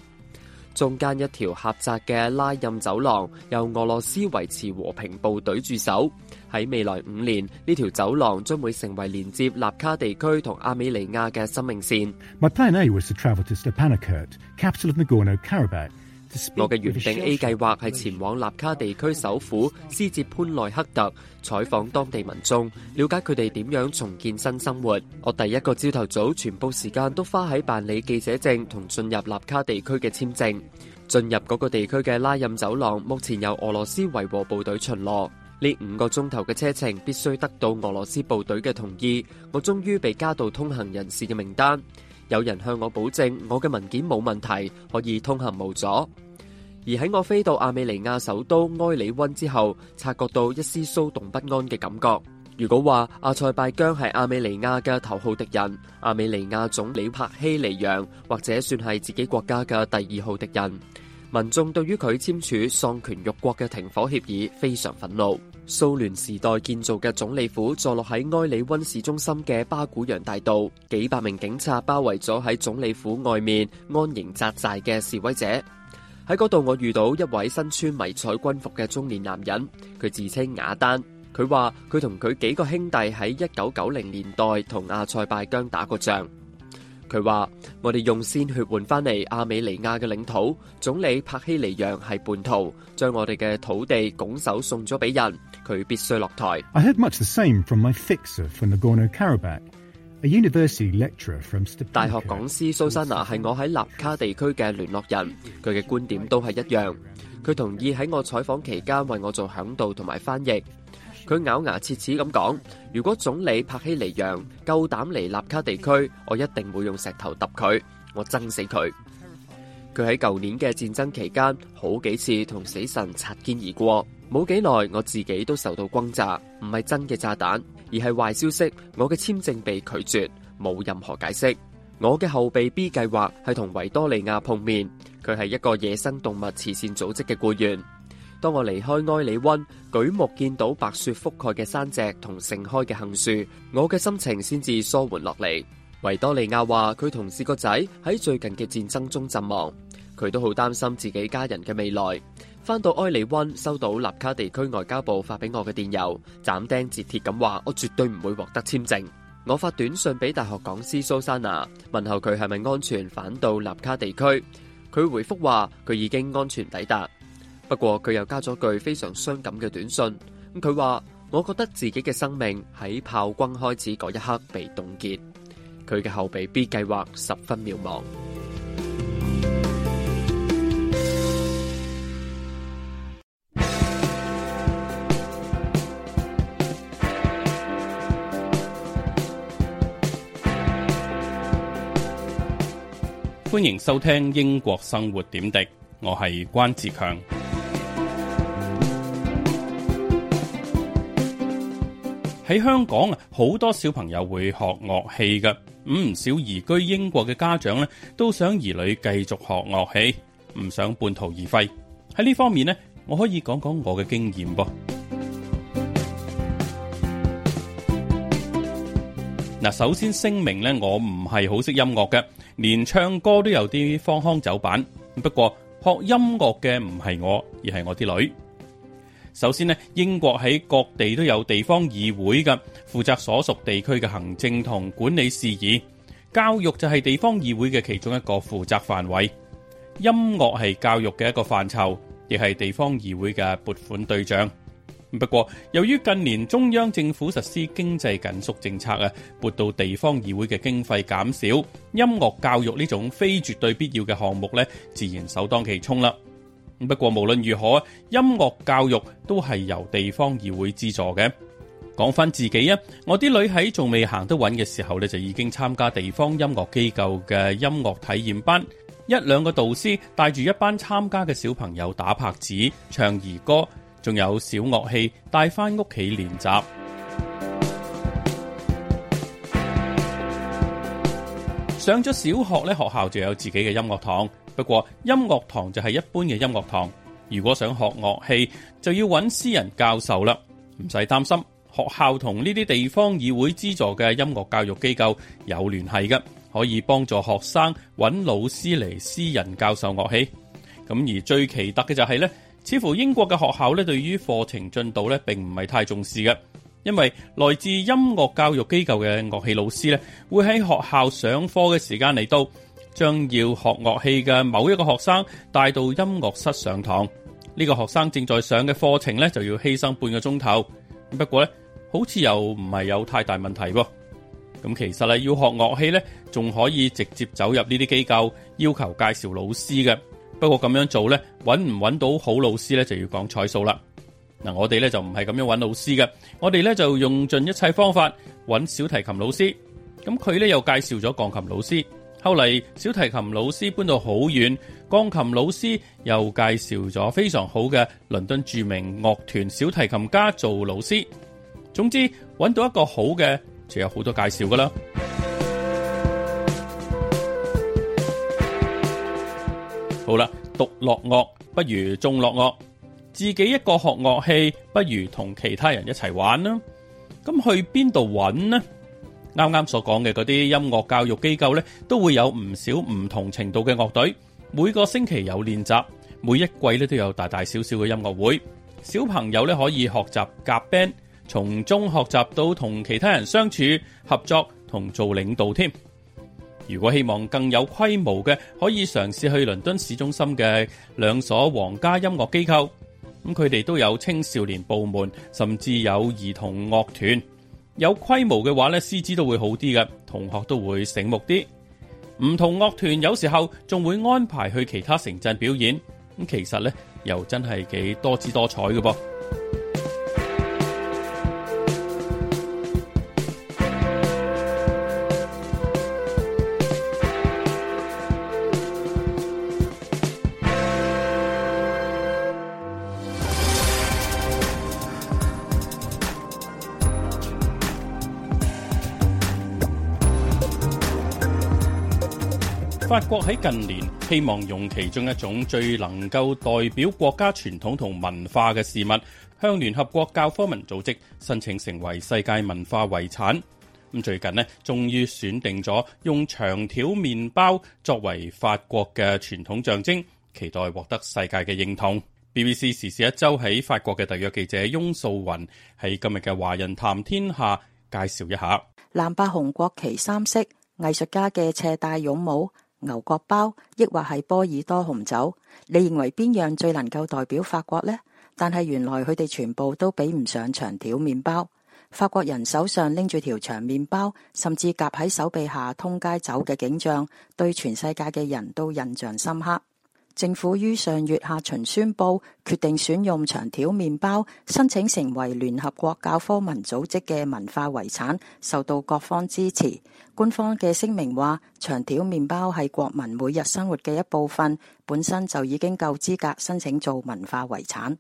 中間一條狹窄嘅拉任走廊由俄羅斯維持和平部隊駐守。喺未來五年，呢條走廊將會成為連接納卡地區同阿美尼亞嘅生命線。To to urt, 我嘅原定 A 計劃係前往納卡地區首府斯捷潘內克特，採訪當地民眾，了解佢哋點樣重建新生活。我第一個朝頭早，全部時間都花喺辦理記者證同進入納卡地區嘅簽證。進入嗰個地區嘅拉任走廊，目前由俄羅斯維和部隊巡邏。呢五個鐘頭嘅車程必須得到俄羅斯部隊嘅同意，我終於被加到通行人士嘅名單。有人向我保證，我嘅文件冇問題，可以通行無阻。而喺我飛到亞美尼亞首都埃里溫之後，察覺到一絲騷動不安嘅感覺。如果話阿塞拜疆係亞美尼亞嘅頭號敵人，亞美尼亞總理帕希尼揚或者算係自己國家嘅第二號敵人。民眾對於佢簽署喪權辱國嘅停火協議非常憤怒。蘇聯時代建造嘅總理府坐落喺埃里温市中心嘅巴古洋大道，幾百名警察包圍咗喺總理府外面安營紮寨嘅示威者。喺嗰度，我遇到一位身穿迷彩軍服嘅中年男人，佢自稱亞丹，佢話佢同佢幾個兄弟喺一九九零年代同阿塞拜疆打過仗。佢話：我哋用鮮血換翻嚟阿美尼亞嘅領土，總理帕希尼揚係叛徒，將我哋嘅土地拱手送咗俾人，佢必須落台。I heard much the same from my fixer from the Gorno-Karabakh, a university lecturer from St. Inka, 大學講師蘇珊娜係我喺納卡地區嘅聯絡人，佢嘅觀點都係一樣。佢同意喺我採訪期間為我做響導同埋翻譯。佢咬牙切齒咁講：如果總理帕希尼揚，夠膽嚟納卡地區，我一定會用石頭揼佢，我憎死佢。佢喺舊年嘅戰爭期間，好幾次同死神擦肩而過。冇幾耐，我自己都受到轟炸，唔係真嘅炸彈，而係壞消息。我嘅簽證被拒絕，冇任何解釋。我嘅後備 B 計劃係同維多利亞碰面，佢係一個野生動物慈善組織嘅雇員。當我離開埃里温，舉目見到白雪覆蓋嘅山脊同盛開嘅杏樹，我嘅心情先至紓緩落嚟。維多利亞話佢同事個仔喺最近嘅戰爭中陣亡，佢都好擔心自己家人嘅未來。翻到埃里温，收到納卡地區外交部發俾我嘅電郵，斬釘截鐵咁話我絕對唔會獲得簽證。我發短信俾大學講師蘇珊娜，問候佢係咪安全返到納卡地區。佢回覆話佢已經安全抵達。不過佢又加咗句非常傷感嘅短信，佢話：我覺得自己嘅生命喺炮轟開始嗰一刻被凍結，佢嘅後備 B 計劃十分渺茫。歡迎收聽《英國生活點滴》，我係關志強。喺香港啊，好多小朋友會學樂器噶。唔少移居英國嘅家長咧，都想兒女繼續學樂器，唔想半途而廢。喺呢方面咧，我可以講講我嘅經驗噃。嗱，首先聲明呢，我唔係好識音樂嘅，連唱歌都有啲方腔走板。不過學音樂嘅唔係我，而係我啲女。首先咧，英國喺各地都有地方議會嘅，負責所屬地區嘅行政同管理事宜。教育就係地方議會嘅其中一個負責範圍，音樂係教育嘅一個範疇，亦係地方議會嘅撥款對象。不過，由於近年中央政府實施經濟緊縮政策啊，撥到地方議會嘅經費減少，音樂教育呢種非絕對必要嘅項目咧，自然首當其衝啦。不過無論如何，音樂教育都係由地方議會資助嘅。講翻自己啊，我啲女喺仲未行得穩嘅時候咧，就已經參加地方音樂機構嘅音樂體驗班。一兩個導師帶住一班參加嘅小朋友打拍子、唱兒歌，仲有小樂器帶翻屋企練習。上咗小學咧，學校就有自己嘅音樂堂。不過音樂堂就係一般嘅音樂堂，如果想學樂器，就要揾私人教授啦。唔使擔心，學校同呢啲地方議會資助嘅音樂教育機構有聯繫嘅，可以幫助學生揾老師嚟私人教授樂器。咁而最奇特嘅就係呢，似乎英國嘅學校咧對於課程進度咧並唔係太重視嘅，因為來自音樂教育機構嘅樂器老師咧會喺學校上課嘅時間嚟到，將要學樂器嘅某一個學生帶到音樂室上堂，呢個學生正在上嘅課程呢，就要犧牲半個鐘頭。不過呢，好似又唔係有太大問題噃。咁其實啊，要學樂器呢，仲可以直接走入呢啲機構，要求介紹老師嘅。不過咁樣做呢，揾唔揾到好老師呢，就要講彩數啦。嗱，我哋呢，就唔係咁樣揾老師嘅，我哋呢，就用盡一切方法揾小提琴老師，咁佢呢，又介紹咗鋼琴老師。後嚟小提琴老師搬到好遠，鋼琴老師又介紹咗非常好嘅倫敦著名樂團小提琴家做老師。總之揾到一個好嘅就有好多介紹噶啦。好啦，獨樂樂不如眾樂樂，自己一個學樂器不如同其他人一齊玩啦。咁去邊度揾呢？啱啱所講嘅嗰啲音樂教育機構呢，都會有唔少唔同程度嘅樂隊，每個星期有練習，每一季呢都有大大小小嘅音樂會。小朋友呢，可以學習夾 band，從中學習到同其他人相處、合作同做領導添。如果希望更有規模嘅，可以嘗試去倫敦市中心嘅兩所皇家音樂機構，咁佢哋都有青少年部門，甚至有兒童樂團。有規模嘅話咧，師資都會好啲嘅，同學都會醒目啲。唔同樂團有時候仲會安排去其他城鎮表演，咁其實咧又真係幾多姿多彩嘅噃。法國喺近年希望用其中一種最能夠代表國家傳統同文化嘅事物，向聯合國教科文組織申請成為世界文化遺產。咁最近呢，終於選定咗用長條麵包作為法國嘅傳統象徵，期待獲得世界嘅認同。BBC 時事一周喺法國嘅特約記者翁素雲喺今日嘅華人談天下介紹一下藍白紅國旗三色，藝術家嘅斜帶絨帽。牛角包，抑或係波爾多紅酒，你認為邊樣最能夠代表法國呢？但係原來佢哋全部都比唔上長條麵包。法國人手上拎住條長麵包，甚至夾喺手臂下通街走嘅景象，對全世界嘅人都印象深刻。政府於上月下旬宣布，決定選用長條麵包申請成為聯合國教科文組織嘅文化遺產，受到各方支持。官方嘅聲明話，長條麵包係國民每日生活嘅一部分，本身就已經夠資格申請做文化遺產。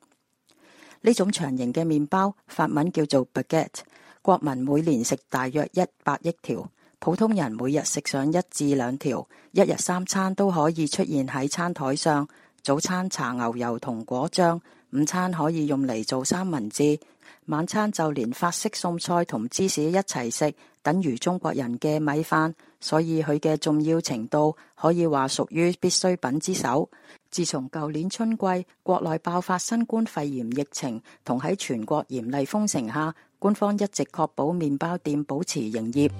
呢種長型嘅麵包，法文叫做 Baguette，國民每年食大約一百億條。普通人每日食上一至兩條，一日三餐都可以出現喺餐台上。早餐搽牛油同果醬，午餐可以用嚟做三文治，晚餐就連法式餸菜同芝士一齊食，等於中國人嘅米飯。所以佢嘅重要程度可以話屬於必需品之首。自從舊年春季國內爆發新冠肺炎疫情，同喺全國嚴厲封城下，官方一直確保麵包店保持營業。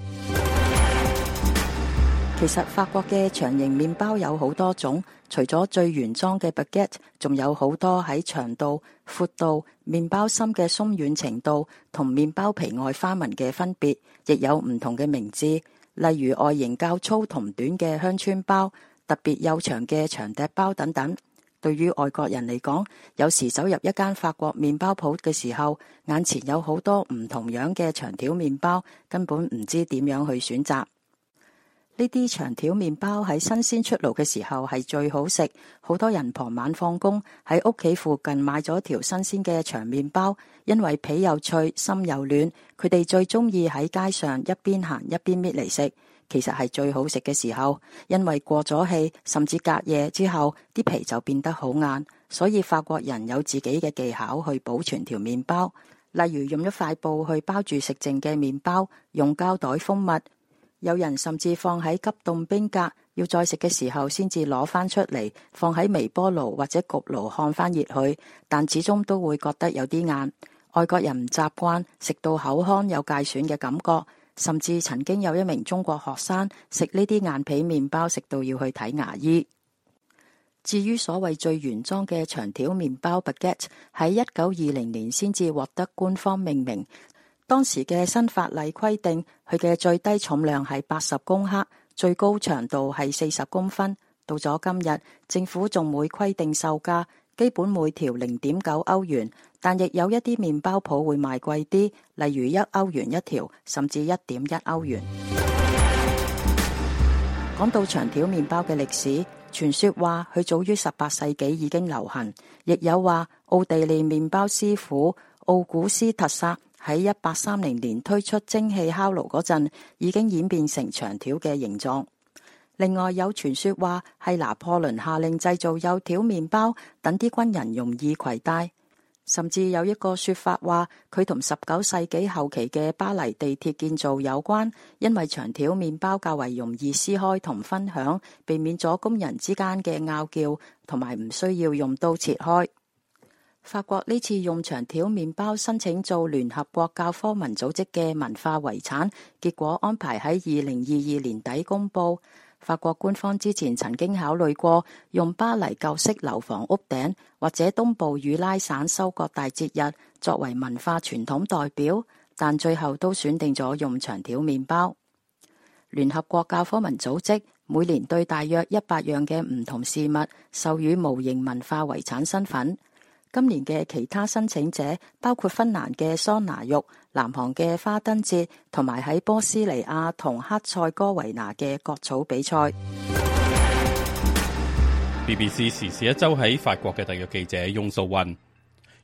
其實法國嘅長形麵包有好多種，除咗最原裝嘅 baguette，仲有好多喺長度、闊度、麵包心嘅鬆軟程度同麵包皮外花紋嘅分別，亦有唔同嘅名字。例如外形較粗同短嘅鄉村包，特別又長嘅長笛包等等。對於外國人嚟講，有時走入一間法國麵包鋪嘅時候，眼前有好多唔同樣嘅長條麵包，根本唔知點樣去選擇。呢啲長條麵包喺新鮮出爐嘅時候係最好食，好多人傍晚放工喺屋企附近買咗條新鮮嘅長麵包，因為皮又脆心又暖。佢哋最中意喺街上一邊行一邊搣嚟食。其實係最好食嘅時候，因為過咗氣甚至隔夜之後，啲皮就變得好硬。所以法國人有自己嘅技巧去保存條麵包，例如用一塊布去包住食剩嘅麵包，用膠袋封密。有人甚至放喺急凍冰格，要再食嘅時候先至攞翻出嚟，放喺微波爐或者焗爐，看翻熱佢，但始終都會覺得有啲硬。外國人唔習慣食到口腔有介損嘅感覺，甚至曾經有一名中國學生食呢啲硬皮麵包，食到要去睇牙醫。至於所謂最原裝嘅長條麵包 baguette 喺一九二零年先至獲得官方命名。當時嘅新法例規定，佢嘅最低重量係八十公克，最高長度係四十公分。到咗今日，政府仲會規定售價，基本每條零點九歐元，但亦有一啲麵包鋪會賣貴啲，例如一歐元一條，甚至一點一歐元。講到長條麵包嘅歷史，傳説話佢早於十八世紀已經流行，亦有話奧地利麵包師傅奧古斯特薩。喺一八三零年推出蒸汽烤爐嗰陣，已經演變成長條嘅形狀。另外有傳說話係拿破崙下令製造幼條麵包，等啲軍人容易攜帶。甚至有一個說法話佢同十九世紀後期嘅巴黎地鐵建造有關，因為長條麵包較為容易撕開同分享，避免咗工人之間嘅拗撬，同埋唔需要用刀切開。法國呢次用長條麵包申請做聯合國教科文組織嘅文化遺產，結果安排喺二零二二年底公布。法國官方之前曾經考慮過用巴黎舊式樓房屋頂或者東部與拉省收割大節日作為文化傳統代表，但最後都選定咗用長條麵包。聯合國教科文組織每年對大約一百樣嘅唔同事物授予無形文化遺產身份。今年嘅其他申請者包括芬蘭嘅桑拿浴、南韓嘅花燈節，同埋喺波斯尼亞同黑塞哥維那嘅割草比賽。BBC 時事一周喺法國嘅特約記者翁素云，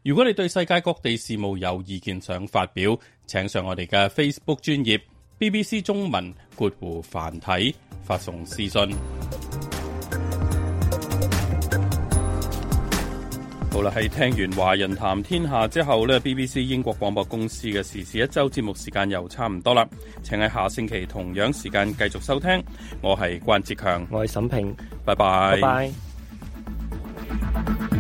如果你對世界各地事務有意見想發表，請上我哋嘅 Facebook 專頁 BBC 中文括弧繁體，發送私信。好啦，係聽完華人談天下之後咧，BBC 英國廣播公司嘅時事一周節目時間又差唔多啦，請喺下星期同樣時間繼續收聽，我係關智強，我係沈平，拜拜，拜拜。